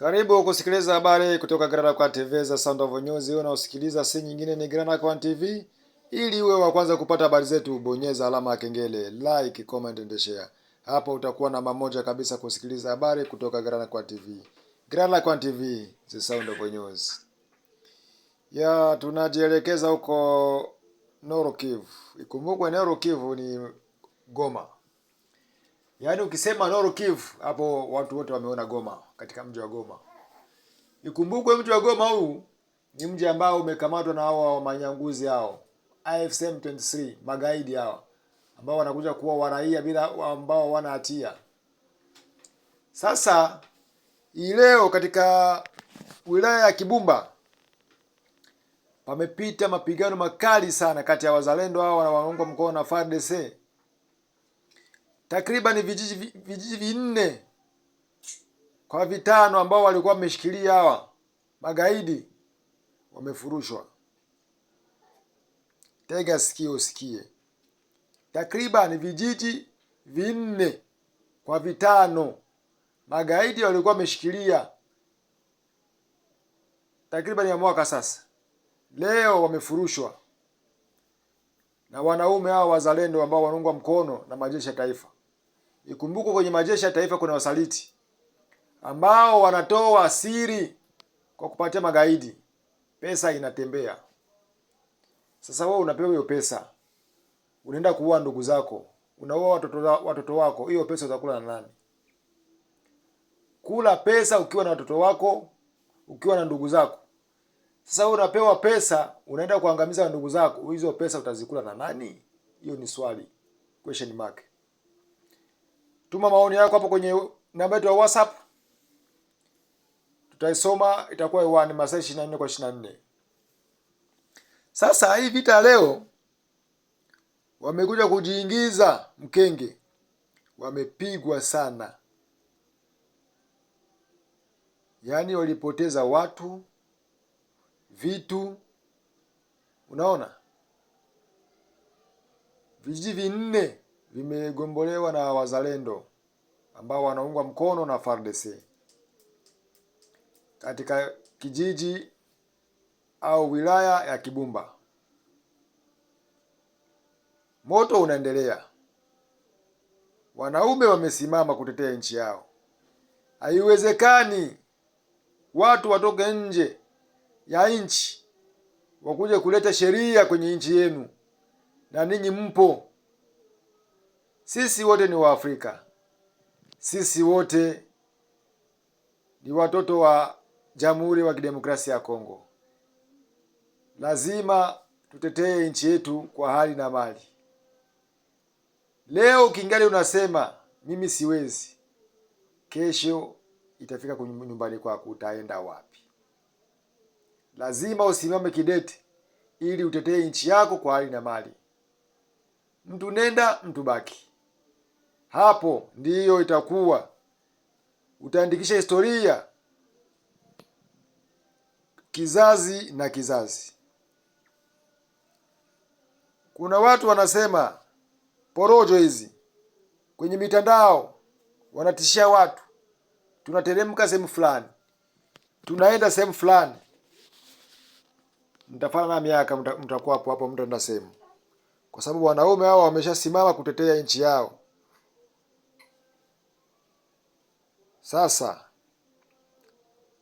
Karibu kusikiliza habari kutoka Grand Kwa TV za Sound of News. Wewe unaosikiliza si nyingine ni Grand Kwa TV. Ili uwe wa kwanza kupata habari zetu, bonyeza alama ya kengele, like, comment and share. Hapo utakuwa namba moja kabisa kusikiliza habari kutoka Grand Kwa TV. Grand Kwa TV, the Sound of News. Ya, tunajielekeza huko Norokivu. Ikumbukwe Norokivu ni Goma. Yaani ukisema Nord Kivu hapo watu wote wameona Goma, katika mji wa Goma. Ikumbukwe mji wa Goma huu ni mji ambao umekamatwa na hao manyanguzi hao, AFC M23, magaidi hao ambao wanakuja kuwa waraia bila ambao wana hatia. Sasa ileo katika wilaya ya Kibumba pamepita mapigano makali sana kati ya wazalendo hao wanaoungwa mkono na FARDC takriban vijiji vijiji vinne kwa vitano ambao walikuwa wameshikilia hawa magaidi wamefurushwa. Tega sikio usikie, takriban vijiji vinne kwa vitano magaidi walikuwa wameshikilia takriban ya mwaka sasa, leo wamefurushwa na wanaume hao wazalendo ambao wanaungwa mkono na majeshi ya taifa. Ikumbukwe kwenye majeshi ya taifa kuna wasaliti ambao wanatoa siri kwa kupatia magaidi, pesa inatembea. Sasa wewe unapewa hiyo pesa, unaenda kuua ndugu zako, unaua watoto, watoto wako, hiyo pesa utakula na nani? Kula pesa ukiwa na watoto wako, ukiwa na ndugu zako. Sasa wewe unapewa pesa, unaenda kuangamiza ndugu zako, hizo pesa utazikula na nani? Hiyo ni swali, question mark. Tuma maoni yako hapo kwenye namba yetu ya WhatsApp, tutaisoma, itakuwa hewani masaa ishirini na nne kwa ishirini na nne. Sasa hii vita leo wamekuja kujiingiza mkenge, wamepigwa sana, yaani walipoteza watu, vitu. Unaona, vijiji vinne vimegombolewa na wazalendo ambao wanaungwa mkono na FARDC katika kijiji au wilaya ya Kibumba. Moto unaendelea, wanaume wamesimama kutetea nchi yao. Haiwezekani watu watoke nje ya nchi wakuje kuleta sheria kwenye nchi yenu, na ninyi mpo sisi wote ni Waafrika, sisi wote ni watoto wa Jamhuri wa Kidemokrasia ya Kongo. Lazima tutetee nchi yetu kwa hali na mali. Leo kingali unasema mimi siwezi, kesho itafika nyumbani kwako, utaenda wapi? Lazima usimame kidete ili utetee nchi yako kwa hali na mali. Mtu nenda mtu baki hapo ndiyo itakuwa utaandikisha historia kizazi na kizazi. Kuna watu wanasema porojo hizi kwenye mitandao, wanatishia watu, tunateremka sehemu fulani, tunaenda sehemu fulani, mtafana na miaka, mtakuwa hapo hapo, mtaenda sehemu, kwa sababu wanaume hao wameshasimama kutetea nchi yao. Sasa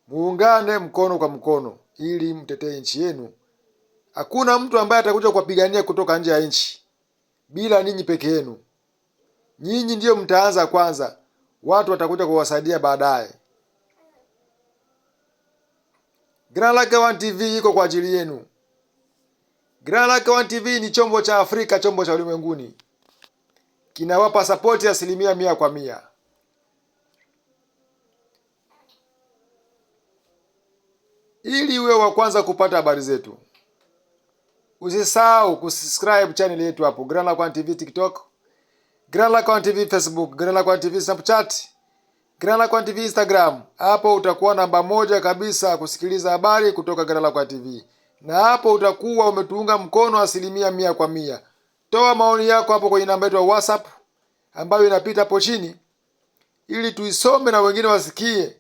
muungane mkono kwa mkono, ili mtetee nchi yenu. Hakuna mtu ambaye atakuja kuwapigania kutoka nje ya nchi bila ninyi peke yenu. Nyinyi ndiyo mtaanza kwanza, watu watakuja kuwasaidia baadaye. Grand Lac TV iko kwa ajili yenu. Grand Lac TV ni chombo cha Afrika, chombo cha ulimwenguni, kinawapa sapoti asilimia mia kwa mia. ili uwe wa kwanza kupata habari zetu. Usisahau kusubscribe channel yetu hapo Grand Lac1 TV TikTok, Grand Lac1 TV Facebook, Grand Lac1 TV Snapchat, Grand Lac1 TV Instagram. Hapo utakuwa namba moja kabisa kusikiliza habari kutoka Grand Lac1 TV, na hapo utakuwa umetuunga mkono asilimia mia kwa mia. Toa maoni yako hapo kwenye namba yetu ya WhatsApp ambayo inapita hapo chini, ili tuisome na wengine wasikie.